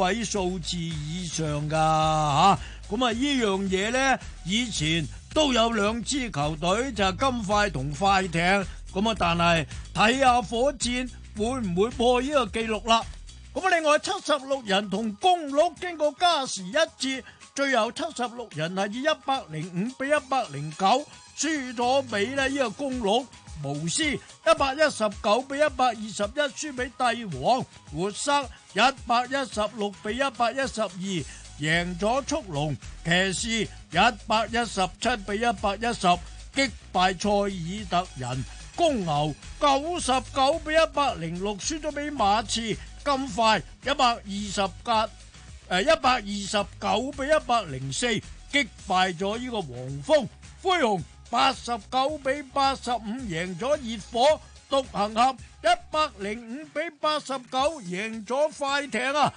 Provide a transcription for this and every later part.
位數字以上噶吓，咁啊呢樣嘢呢？以前都有兩支球隊就係、是、金塊同快艇，咁啊但係睇下火箭會唔會破呢個記錄啦。咁、啊、另外七十六人同公鹿經過加時一節，最後七十六人係以一百零五比一百零九輸咗俾咧呢個公鹿。巫師一百一十九比一百二十一輸俾帝王，活塞一百一十六比一百一十二贏咗速龍，騎士一百一十七比一百一十擊敗塞爾特人，公牛九十九比一百零六輸咗俾馬刺，咁快一百二十格誒一百二十九比一百零四擊敗咗呢個黃蜂，灰熊。八十九比八十五贏咗熱火，獨行俠，一百零五比八十九贏咗快艇啊！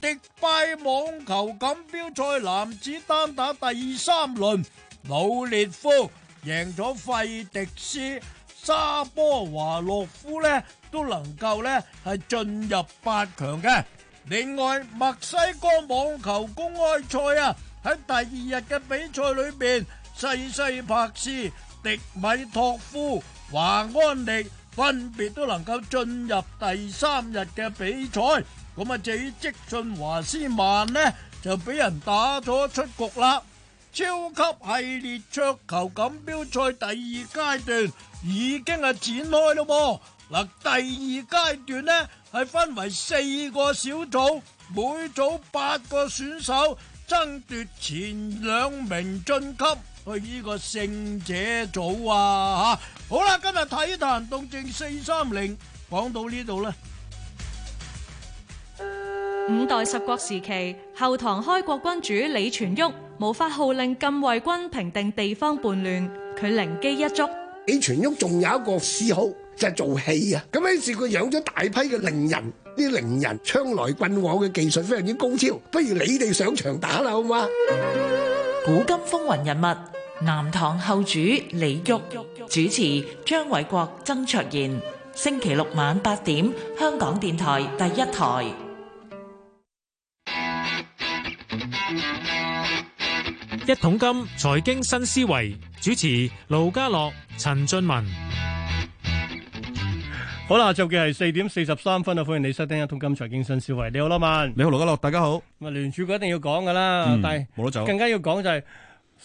迪拜網球錦標賽男子單打第三輪，魯列夫贏咗費迪斯，沙波華洛夫呢都能夠呢係進入八強嘅。另外墨西哥網球公開賽啊，喺第二日嘅比賽裏邊。西西帕斯、迪米托夫、華安力分別都能夠進入第三日嘅比賽，咁啊至於積遜華斯曼呢，就俾人打咗出局啦。超級系列桌球錦標賽第二階段已經係展開咯，嗱第二階段呢，係分為四個小組，每組八個選手。爭奪前兩名晉級去呢個勝者組啊！吓，好啦，今日體壇動靜四三零講到呢度啦。五代十國時期，後唐開國君主李存勖無法號令禁衛軍平定地方叛亂，佢靈機一觸。李存勖仲有一個嗜好就係做戲啊！咁於是佢養咗大批嘅伶人。啲伶人槍來棍往嘅技術非常之高超，不如你哋上場打啦好嗎？古今風雲人物，南唐後主李煜，主持張偉國、曾卓賢，星期六晚八點，香港電台第一台。一桶金財經新思維主持盧家樂、陳俊文。好啦，就嘅係四點四十三分啊！歡迎你收聽《一桶金》之財經新思維。你好，羅曼。你好，羅家樂，大家好。咁啊，聯儲局一定要講噶啦，嗯、但係冇得走。更加要講就係、是、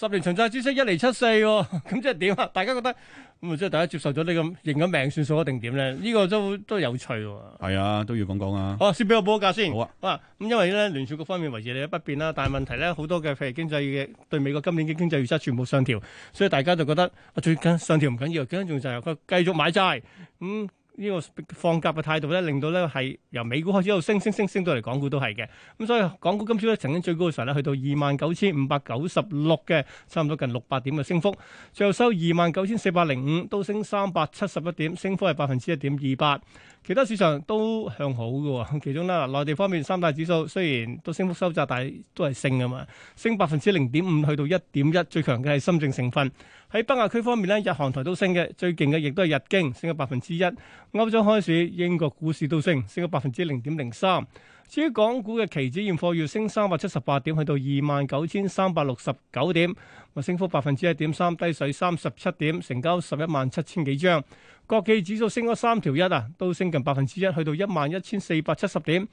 十年長債孳息一厘七四，喔，咁、 嗯、即係點啊？大家覺得咁、嗯、即係大家接受咗呢咁認咗命算數一定點咧？呢、這個都都有趣喎、啊。係啊，都要講講啊。好，好啊，先俾我報個價先。好啊。哇，咁因為咧聯儲各方面維持利率不變啦，但係問題咧好多嘅譬如經濟嘅對美國今年嘅經濟預測全部上調，所以大家就覺得啊最緊上調唔緊要，緊要緊，緊仲就係佢繼續買債咁。嗯呢個放鴿嘅態度咧，令到咧係由美股開始一路升升升升到嚟，港股都係嘅。咁所以港股今朝咧曾經最高嘅時候咧，去到二萬九千五百九十六嘅，差唔多近六百點嘅升幅。最後收二萬九千四百零五，都升三百七十一點，升幅係百分之一點二八。其他市場都向好嘅喎，其中啦，內地方面三大指數雖然都升幅收窄，但係都係升嘅嘛，升百分之零點五去到一點一，最強嘅係深證成分。喺北亞區方面咧，日韓台都升嘅，最勁嘅亦都係日經，升咗百分之一。歐洲開市，英國股市都升，升咗百分之零點零三。至於港股嘅期指現貨月升三百七十八點，去到二萬九千三百六十九點，咪升幅百分之一點三，低水三十七點，成交十一萬七千幾張。國企指數升咗三條一啊，都升近百分之一，去到一萬一千四百七十點。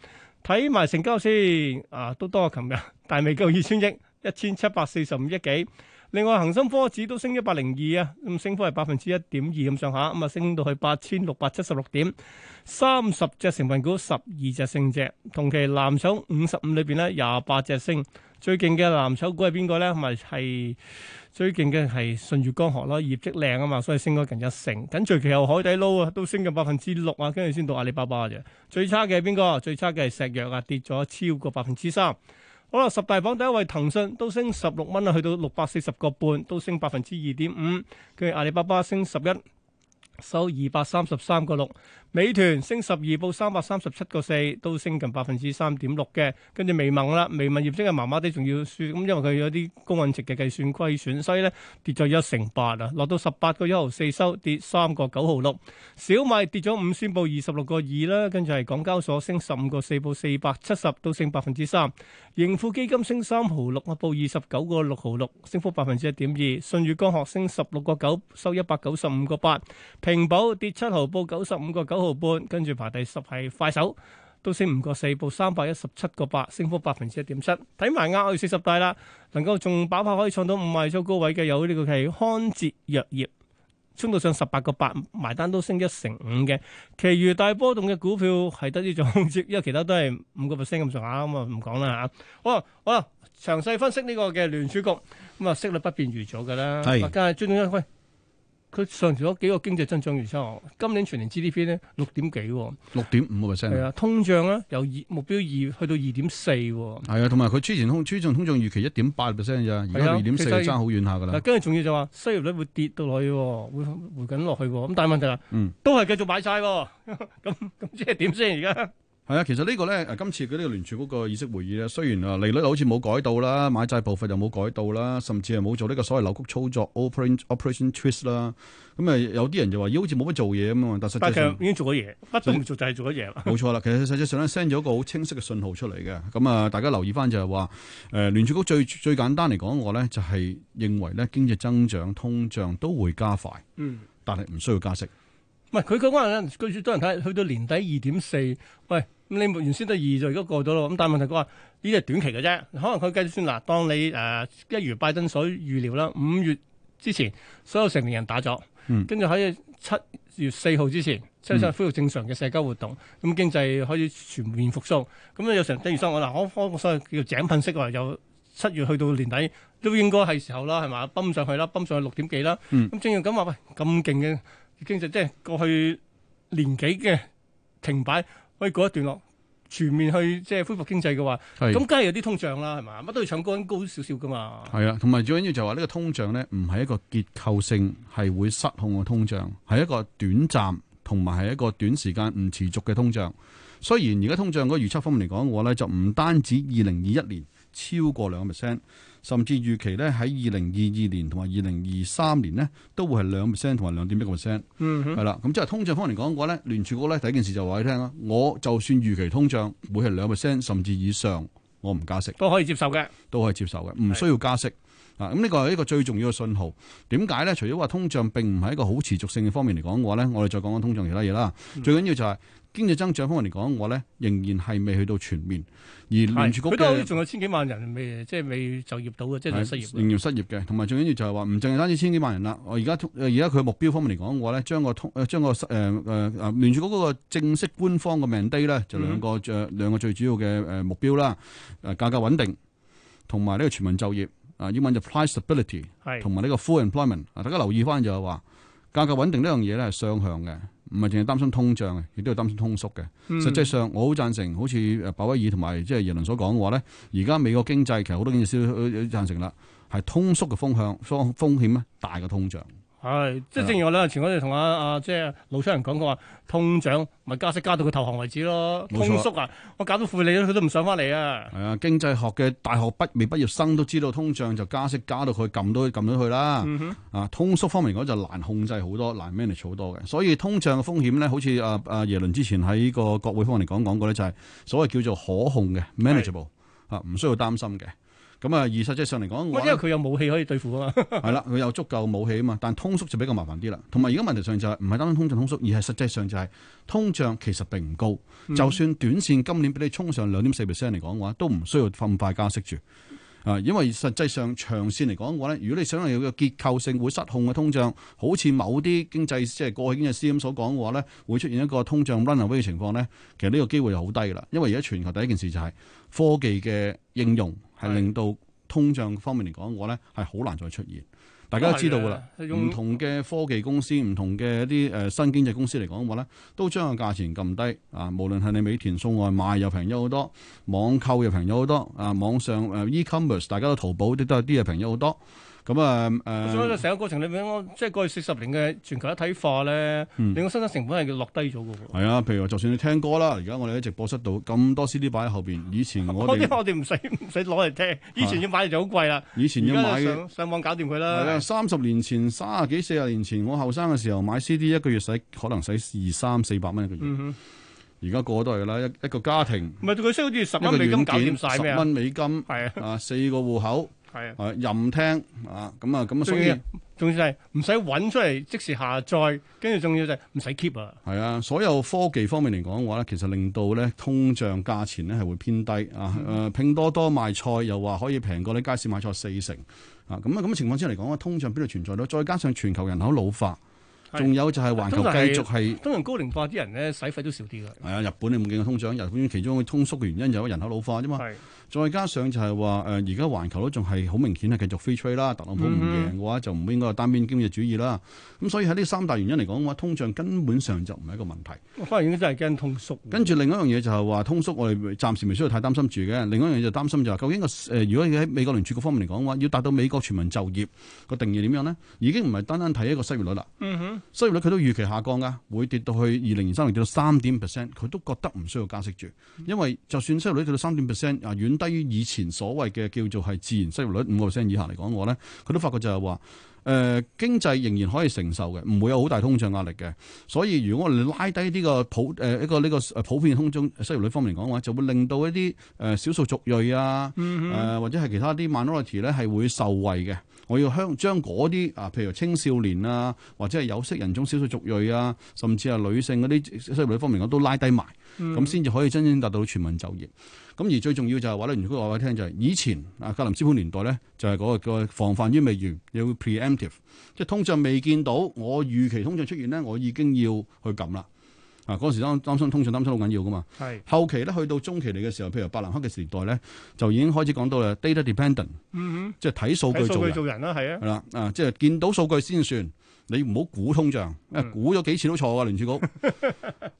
睇埋成交先，啊，都多過琴日，但係未夠二千億，一千七百四十五億幾。另外恒生科指都升一百零二啊，咁升幅係百分之一點二咁上下，咁啊、嗯、升到去八千六百七十六點。三十隻成分股，十二隻升隻，同期藍籌五十五裏邊咧，廿八隻升。最勁嘅藍籌股係邊個咧？咪、嗯、係？最勁嘅係舜宇光學啦，業績靚啊嘛，所以升咗近一成。緊隨其後海底撈啊，都升近百分之六啊，跟住先到阿里巴巴嘅。最差嘅係邊個？最差嘅係石藥啊，跌咗超過百分之三。好啦，十大榜第一位騰訊都升十六蚊啊，去到六百四十個半，都升百分之二點五。跟住阿里巴巴升十一，收二百三十三個六。美團升十二，報三百三十七個四，都升近百分之三點六嘅。跟住微盟啦，微盟業績係麻麻地，仲要輸，咁因為佢有啲公允值嘅計算虧損，所以咧跌咗一成八啊，落到十八個一毫四收，跌三個九毫六。小米跌咗五仙報二十六個二啦，跟住係港交所升十五個四，報四百七十，都升百分之三。盈富基金升三毫六啊，報二十九個六毫六，升幅百分之一點二。舜宇光學升十六個九，收一百九十五個八。平保跌七毫，報九十五個九。五毫，跟住排第十係快手，都升唔過四，報三百一十七個八，升幅百分之一點七。睇埋壓去四十大啦，能夠仲爆發可以創到五位數高位嘅有呢個係康哲藥業，沖到上十八個八，埋單都升一成五嘅。其餘大波動嘅股票係得呢種，因為其他都係五個 percent 咁上下，咁啊唔講啦吓。好啦好啦，詳細分析呢個嘅聯儲局，咁、嗯、啊息率不變預咗噶啦，係是。大家係朱總佢上調咗幾個經濟增長預測，今年全年 GDP 咧六點幾、哦，六點五個 percent。係啊，通脹咧由二目標二去到二點四。係、哦、啊，同埋佢之前通，之前通脹預期一點八個 percent 咋，而家二點四爭好遠下噶啦。跟住仲要就話，失業率會跌到落去、哦，會回緊落去、哦。咁但係問題啦，嗯、都係繼續買晒咁咁即係點先而家？係啊，其實個呢個咧，今次嘅呢個聯儲局個議息會議咧，雖然啊利率好似冇改到啦，買債部分又冇改到啦，甚至係冇做呢個所謂扭曲操作 operation operation twist 啦，咁啊有啲人就話咦、欸、好似冇乜做嘢咁，但係其實已經做咗嘢，際都唔做就係做咗嘢啦。冇錯啦，其實實際上 send 咗一個好清晰嘅信號出嚟嘅，咁、嗯、啊大家留意翻就係、是、話，誒、呃、聯儲局最最簡單嚟講，我咧就係、是、認為咧經濟增長、通脹都會加快，嗯，但係唔需要加息。唔係佢講話，據説多人睇去到年底二點四，喂。咁你原先都二就如果過咗咯。咁但係問題佢話呢啲係短期嘅啫。可能佢繼續先嗱，當你誒、呃、一如拜登所預料啦，五月之前所有成年人打咗，跟住喺七月四號之前，即係恢復正常嘅社交活動，咁、嗯、經濟可以全面復甦。咁、嗯、有成，例如所講嗱，我開個所謂叫井噴式，由七月去到年底都應該係時候啦，係嘛？泵上去啦，泵上去六點幾啦。咁、嗯、正要咁話喂咁勁嘅經濟，即係過去年幾嘅停擺。喂，講一段落，全面去即係恢復經濟嘅話，咁梗係有啲通脹啦，係嘛？乜都要搶高高少少噶嘛。係啊，同埋最緊要就係話呢個通脹咧，唔係一個結構性係會失控嘅通脹，係一個短暫同埋係一個短時間唔持續嘅通脹。雖然而家通脹嗰個預測方面嚟講，我咧就唔單止二零二一年超過兩個 percent。甚至預期咧喺二零二二年同埋二零二三年咧，都會係兩 percent 同埋兩點一個 percent，嗯哼，係啦。咁即係通脹方面嚟講嘅話咧，聯儲局咧第一件事就話你聽啦，我就算預期通脹每係兩 percent 甚至以上，我唔加息，都可以接受嘅，都可以接受嘅，唔需要加息是啊。咁、這、呢個係一個最重要嘅信號。點解咧？除咗話通脹並唔係一個好持續性嘅方面嚟講嘅話咧，我哋再講講通脹其他嘢啦。嗯、最緊要就係、是。經濟增長方面嚟講，講我咧仍然係未去到全面，而聯儲局嘅仲有千幾萬人未即係未就業到嘅，即係失業，仍然失業嘅。同埋最緊要就係話唔淨係單止千幾萬人啦。我而家而家佢目標方面嚟講我話咧，將個通將個誒誒誒聯儲局嗰個正式官方嘅 mandate 咧，就兩個最兩個最主要嘅誒目標啦。誒，價格穩定同埋呢個全民就業。啊，英文就 price stability，係同埋呢個 full employment 是。啊，大家留意翻就係話價格穩定呢樣嘢咧係雙向嘅。唔係淨係擔心通脹嘅，亦都係擔心通縮嘅。嗯、實際上，我好贊成，好似誒鮑威爾同埋即係耶倫所講嘅話咧，而家美國經濟其實好多經濟師，都贊成啦，係通縮嘅風向，風風險咧大過通脹。係，即係正如我兩日前嗰陣同阿阿即係老鄉人講，佢話通脹咪加息加到佢投降為止咯，通縮啊，我搞到負利率，佢都唔上翻嚟啊。係啊，經濟學嘅大學畢未畢業生都知道，通脹就加息加到佢撳到佢撳到佢啦。啊，通縮方面嚟講就難控制好多，難 manage 好多嘅。所以通脹嘅風險咧，好似阿阿耶倫之前喺個國會方面講講過咧，就係所謂叫做可控嘅 manageable 啊的，唔需要擔心嘅。咁啊，而實際上嚟講，因為佢有武器可以對付啊嘛，係 啦，佢有足夠武器啊嘛，但通縮就比較麻煩啲啦。同埋而家問題上就係唔係單單通脹通縮，而係實際上就係、是、通脹其實並唔高。嗯、就算短線今年俾你衝上兩點四 percent 嚟講嘅話，都唔需要咁快加息住啊。因為實際上長線嚟講嘅話咧，如果你想有個結構性會失控嘅通脹，好似某啲經濟即係過去經濟師咁所講嘅話咧，會出現一個通脹 run away 嘅情況咧，其實呢個機會就好低㗎啦。因為而家全球第一件事就係、是。科技嘅應用係令到通脹方面嚟講，我咧係好難再出現。大家都知道噶啦，唔同嘅科技公司、唔同嘅一啲誒新經濟公司嚟講嘅話咧，都將個價錢撳低啊！無論係你美團送外賣又平咗好多，網購又平咗好多啊！網上誒、啊、e-commerce 大家都淘寶啲都係啲嘢平咗好多。咁啊誒，所以成個過程裏面，我即係過去四十年嘅全球一體化咧，令我生產成本係落低咗嘅。係啊，譬如話就算你聽歌啦，而家我哋喺直播室度咁多 CD 擺喺後邊，以前我哋我哋唔使唔使攞嚟聽，以前要買就好貴啦。以前要買，而家上網搞掂佢啦。係啊，三十年前、卅幾四十年前，我後生嘅時候買 CD，一個月使可能使二三四百蚊一個月。嗯哼，而家過咗都係噶啦，一一個家庭。唔係，佢收好似十蚊美金搞掂晒，十蚊美金係啊，四個戶口。係啊，任聽啊，咁啊，咁啊，所以，仲要就係唔使搵出嚟即時下載，跟住仲要就係唔使 keep 啊。係啊，所有科技方面嚟講嘅話咧，其實令到咧通脹價錢咧係會偏低啊。誒，拼多多賣菜又話可以平過你街市買菜四成啊。咁啊，咁嘅情況之下嚟講，通脹邊度存在咯？再加上全球人口老化，仲、啊、有就係環球繼續係，通常高齡化啲人咧使費都少啲啦。係啊，日本你唔見過通脹？日本其中嘅通縮嘅原因就係人口老化啫嘛。係、啊。再加上就係話誒，而家環球都仲係好明顯係繼續 free trade 啦。特朗普唔贏嘅話，就唔應該係單邊經濟主義啦。咁所以喺呢三大原因嚟講，話通脹根本上就唔係一個問題。我反而真係驚通縮。跟住另一樣嘢就係話通縮，我哋暫時未需要太擔心住嘅。另一樣嘢就擔心就係究竟個誒，如果喺美國聯儲局方面嚟講嘅話，要達到美國全民就業個定義點樣呢？已經唔係單單睇一個失業率啦。哼，失業率佢都預期下降㗎，會跌到去二零二三年跌到三點 percent，佢都覺得唔需要加息住，因為就算失業率跌到三點 percent 啊，低於以前所謂嘅叫做係自然失業率五個 percent 以下嚟講嘅話咧，佢都發覺就係話。誒、呃、經濟仍然可以承受嘅，唔會有好大通脹壓力嘅。所以如果我哋拉低呢個普誒、呃、一個呢個,個普遍通脹失業率方面嚟講嘅話，就會令到一啲誒少數族裔啊，誒、呃、或者係其他啲 minority 咧係會受惠嘅。我要將將嗰啲啊，譬如青少年啊，或者係有色人種少數族裔啊，甚至係女性嗰啲失業率方面我都拉低埋，咁先至可以真正達到全民就業。咁而最重要就係話咧，如果話俾你聽就係、是、以前啊，格林斯潘年代咧就係嗰、那個防範於未然，要 preempt 即係通脹未見到，我預期通脹出現咧，我已經要去撳啦。啊，嗰、那、陣、個、時擔心通脹擔心好緊要噶嘛。係是後期咧，去到中期嚟嘅時候，譬如白藍克嘅時代咧，就已經開始講到啦、嗯哼。Data dependent，即係睇數據做。睇數據做人啦，係啊。係啦，啊，即係見到數據先算。你唔好估通脹，估咗幾次都錯嘅，聯儲局。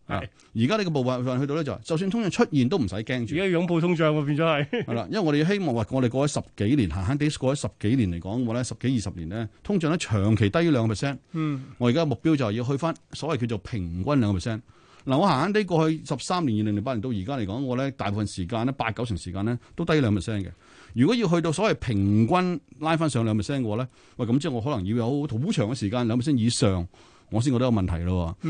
而家呢個部分去到咧就就算通脹出現都唔使驚住。而家擁抱通脹喎，變咗係。係 啦，因為我哋希望話，我哋過咗十幾年，閒閒地過咗十幾年嚟講，我咧十幾二十年咧，通脹咧長期低於兩個 percent。嗯。我而家目標就係要去翻所謂叫做平均兩個 percent。嗱，我閒閒地過去十三年、二零零八年到而家嚟講，我咧大部分時間咧八九成時間咧都低於兩 percent 嘅。如果要去到所謂平均拉翻上兩 percent 嘅話咧，喂，咁即係我可能要有好長嘅時間兩 percent 以上。我先覺得有問題咯喎，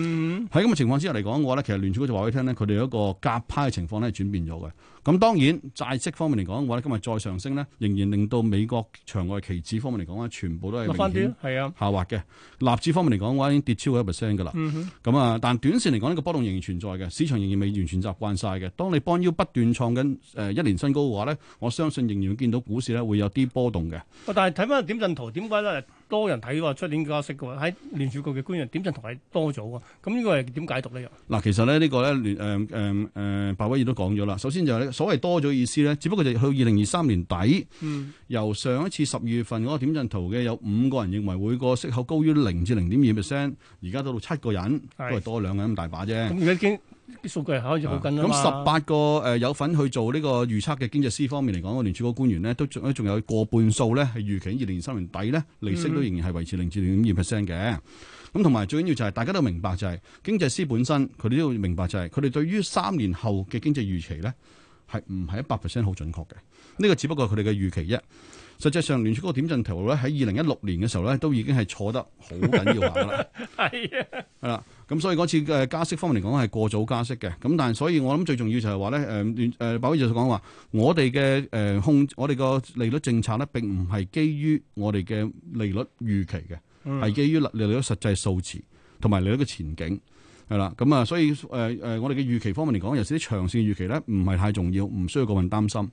喺咁嘅情況之下嚟講嘅話咧，其實聯儲局就話俾你聽咧，佢哋有一個夾派嘅情況咧，係轉變咗嘅。咁當然債息方面嚟講嘅話咧，今日再上升咧，仍然令到美國場外期指方面嚟講咧，全部都係明顯啊，下滑嘅。納指方面嚟講嘅話已經跌超過一 percent 嘅啦。咁啊，mm hmm. 但短線嚟講，呢個波動仍然存在嘅，市場仍然未完全習慣晒嘅。當你邦腰不斷創緊誒一年新高嘅話咧，我相信仍然會見到股市咧會有啲波動嘅。但係睇翻點陣圖，點解咧？多人睇話出年加息嘅喎，喺聯儲局嘅官員點陣圖係多咗喎，咁呢個係點解讀呢？嗱，其實咧、這、呢個咧聯誒誒誒，鮑、呃呃呃、威爾都講咗啦。首先就係所謂多咗意思咧，只不過就去二零二三年底，嗯、由上一次十二月份嗰個點陣圖嘅有五個人認為會個息口高於零至零點二 percent，而家到到七個人，都係是多兩個人咁大把啫。嗯啲數據又開始好緊啦，咁十八個誒有份去做呢個預測嘅經濟師方面嚟講，個聯儲局官員咧都仲仲有過半數咧係預期二零二三年底咧利息都仍然係維持零至零點二 percent 嘅。咁同埋最緊要就係大家都明白就係、是、經濟師本身佢哋都要明白就係佢哋對於三年後嘅經濟預期咧係唔係一百 percent 好準確嘅？呢、這個只不過佢哋嘅預期啫。實際上聯儲局點進頭點陣圖咧喺二零一六年嘅時候咧都已經係錯得好緊要㗎啦。係啊 呀，係啦。咁、嗯、所以嗰次嘅加息方面嚟講，係過早加息嘅，咁但係，所以我諗最重要、呃呃、就係話咧誒，誒，鮑威爾就講話，我哋嘅誒控，我哋個利率政策咧並唔係基於我哋嘅利率預期嘅，係、嗯、基於利率實際數字同埋利率嘅前景。係啦，咁啊，所以誒誒，我哋嘅預期方面嚟講，尤其是啲長線嘅預期咧，唔係太重要，唔需要過分擔心。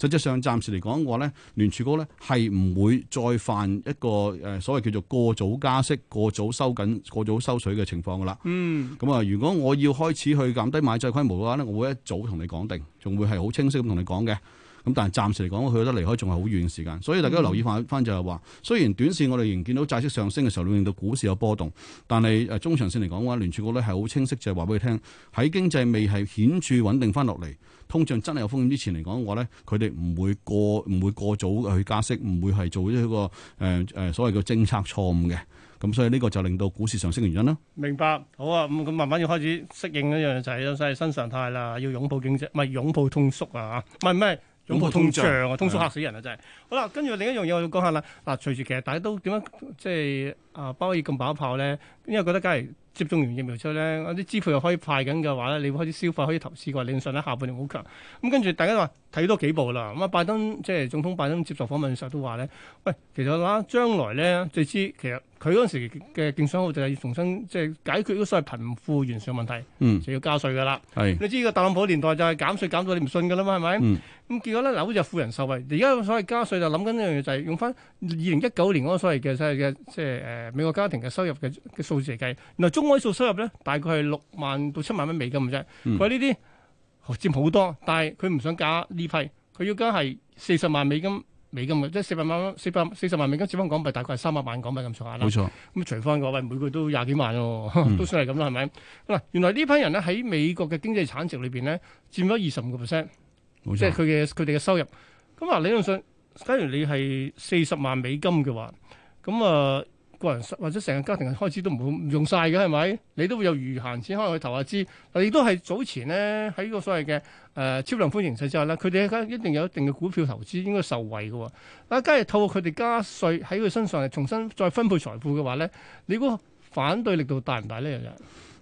實際上暫時嚟講嘅話咧，聯儲局咧係唔會再犯一個誒所謂叫做過早加息、過早收緊、過早收水嘅情況噶啦。嗯。咁啊，如果我要開始去減低買債規模嘅話咧，我會一早同你講定，仲會係好清晰咁同你講嘅。咁但係暫時嚟講，佢覺得離開仲係好遠嘅時間，所以大家留意翻翻就係話，雖然短線我哋仍見到債息上升嘅時候，令到股市有波動，但係誒中長線嚟講嘅話，聯儲局咧係好清晰，就係話俾佢聽，喺經濟未係顯著穩定翻落嚟，通脹真係有風險之前嚟講嘅話咧，佢哋唔會過唔會過早去加息，唔會係做呢一個誒、呃呃、所謂嘅政策錯誤嘅。咁所以呢個就令到股市上升嘅原因啦。明白，好啊，咁咁慢慢要開始適應一樣就係、是、新新常態啦，要擁抱經濟，唔係擁抱通縮啊，唔係唔係。咁個通脹啊， 通縮嚇死人啊！真係 好啦，跟住另一樣嘢我要講下啦。嗱，隨住其實大家都點樣，即係啊，包以咁爆一炮咧，因為覺得假如接種完疫苗之後咧，啲支付又可以派緊嘅話咧，你會開始消費可以投資嘅理論上咧，下半年好強。咁跟住大家話睇多幾步啦。咁啊，拜登即係總統拜登接受訪問時候都話咧，喂，其實話、啊、將來咧，最知其實。佢嗰時嘅競選號就係要重新即係解決嗰個所謂貧富懸殊問題，嗯、就要加稅噶啦。是你知個特朗普年代就係減稅減到你唔信噶啦嘛，係咪？咁、嗯、結果咧，又好似富人受惠。而家所謂加稅就諗緊一樣嘢，就係用翻二零一九年嗰個所謂嘅即係嘅即係誒美國家庭嘅收入嘅嘅數字嚟計。原來中位數收入咧，大概係六萬到七萬蚊美金嘅啫。佢話呢啲佔好多，但係佢唔想加呢批，佢要加係四十萬美金。美金啊，即係四百萬蚊，四百四十萬美金，折翻港幣大概係三百萬港幣咁上下啦。冇錯錯，咁除翻個喂，每個都廿幾萬喎、哦，嗯、都算係咁啦，係咪？嗱，原來呢批人咧喺美國嘅經濟產值裏邊咧，佔咗二十五個 percent，即係佢嘅佢哋嘅收入。咁啊，理論上假如你係四十萬美金嘅話，咁啊。呃個人或者成個家庭嘅開支都唔會用晒嘅，係咪？你都會有餘閒錢可以去投下資。亦都係早前咧喺呢個所謂嘅誒超量寬形勢之下咧，佢哋一定有一定嘅股票投資應該受惠嘅。啊，假如透過佢哋加稅喺佢身上重新再分配財富嘅話咧，你個反對力度大唔大呢？咧？又？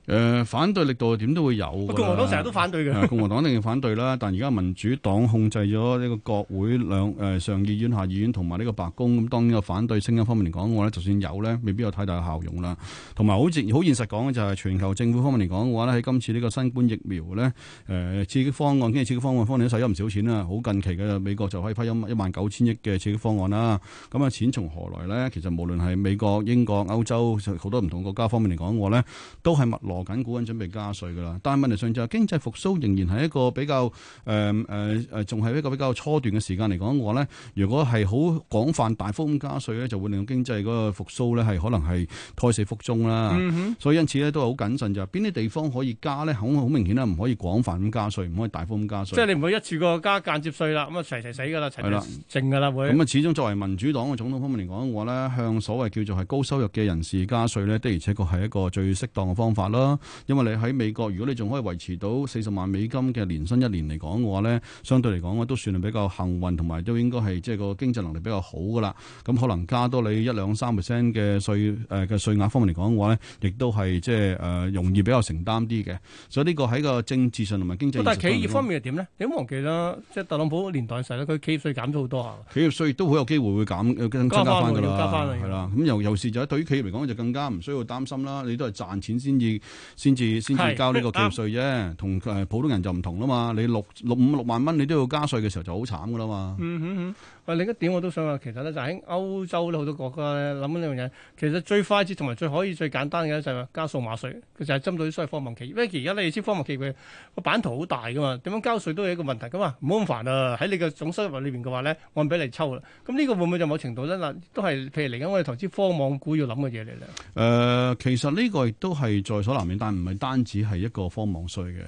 誒、呃、反對力度點都會有，共和黨成日都反對嘅、呃。共和黨一定反對啦，但而家民主黨控制咗呢個國會兩誒、呃、上議院、下議院同埋呢個白宮，咁當呢個反對聲音方面嚟講嘅話咧，就算有呢，未必有太大嘅效用啦。同埋好直好現實講咧，就係全球政府方面嚟講嘅話咧，喺今次呢個新冠疫苗呢，誒、呃、刺激方案，經濟刺激方案方面咧，使咗唔少錢啦。好近期嘅美國就可以批一萬九千億嘅刺激方案啦。咁啊，錢從何來呢？其實無論係美國、英國、歐洲好多唔同國家方面嚟講嘅話呢都係物來。握緊股，緊準備加稅噶啦。但係問題上就係、是、經濟復甦仍然係一個比較誒誒誒，仲、呃、係、呃、一個比較初段嘅時間嚟講。嘅話咧，如果係好廣泛、大幅咁加稅咧，就會令到經濟嗰個復甦咧係可能係胎死腹中啦。嗯、哼所以因此咧都係好謹慎，就係邊啲地方可以加咧，好好明顯啦，唔可以廣泛咁加稅，唔可以大幅咁加稅。即係你唔可以一次過加間接稅啦，咁啊齊齊死噶啦，齊齊正噶啦會。咁啊，始終作為民主黨嘅總統方面嚟講，嘅話咧向所謂叫做係高收入嘅人士加稅咧，的而且確係一個最適當嘅方法咯。因為你喺美國，如果你仲可以維持到四十萬美金嘅年薪一年嚟講嘅話咧，相對嚟講都算係比較幸運，同埋都應該係即係個經濟能力比較好㗎啦。咁可能加多你一兩三 percent 嘅稅誒嘅稅額方面嚟講嘅話咧，亦都係即係誒容易比較承擔啲嘅。所以呢個喺個政治上同埋經濟，但係企業方面係點咧？你唔好忘記啦，即係特朗普年代嘅時候咧，佢企業稅減咗好多啊。企業稅都好有機會會減，增加翻㗎啦。加翻。係啦，咁尤尤是就係、嗯嗯、對於企業嚟講就更加唔需要擔心啦。你都係賺錢先至。先至先至交呢個企業稅啫，同誒、嗯、普通人就唔同啦嘛。你六六五六萬蚊，你都要加稅嘅時候就好慘㗎啦嘛。嗯哼哼另一點我都想話，其實咧就喺、是、歐洲咧好多國家咧諗緊呢樣嘢，其實最快捷同埋最可以、最簡單嘅咧就係加數碼稅，佢就係針對所謂科網企業，因為而家你知，科網企業個版圖好大噶嘛，點樣交稅都係一個問題噶嘛，唔好咁煩啊！喺你嘅總收入裏邊嘅話咧，按比你抽啦。咁、嗯、呢、這個會唔會就某程度咧，嗱都係譬如嚟緊我哋投資科網股要諗嘅嘢嚟咧？誒、呃，其實呢個亦都係在所難免，但唔係單止係一個科網稅嘅，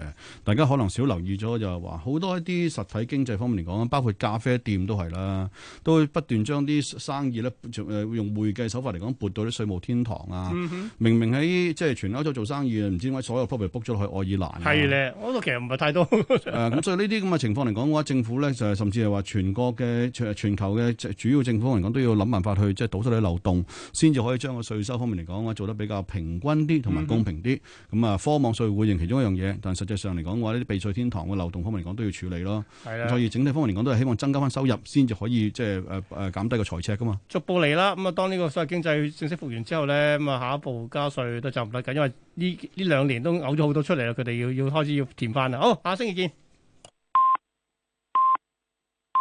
大家可能少留意咗就係話，好多一啲實體經濟方面嚟講，包括咖啡店都係啦。都會不斷將啲生意咧，誒用會計手法嚟講，撥到啲稅務天堂啊！嗯、哼明明喺即係全歐洲做生意啊，唔知點解所有 property book 咗去愛爾蘭。係咧，我覺得其實唔係太多。誒、 呃，咁所以呢啲咁嘅情況嚟講嘅話，政府咧就係甚至係話全國嘅全球嘅主要政府嚟講，都要諗辦法去即係堵塞啲漏洞，先至可以將個稅收方面嚟講嘅話做得比較平均啲同埋公平啲。咁啊，科網稅會係其中一樣嘢，但係實際上嚟講嘅話，呢啲避稅天堂嘅漏洞方面嚟講都要處理咯。係啊的。所以整體方面嚟講，都係希望增加翻收入，先至可以。.即係誒誒，減、呃呃、低個財赤噶嘛，逐步嚟啦。咁、嗯、啊，當呢個所謂經濟正式復原之後咧，咁、嗯、啊，下一步加稅都就唔得緊，因為呢呢兩年都嘔咗好多出嚟啦。佢哋要要開始要填返啦。好，下星期見。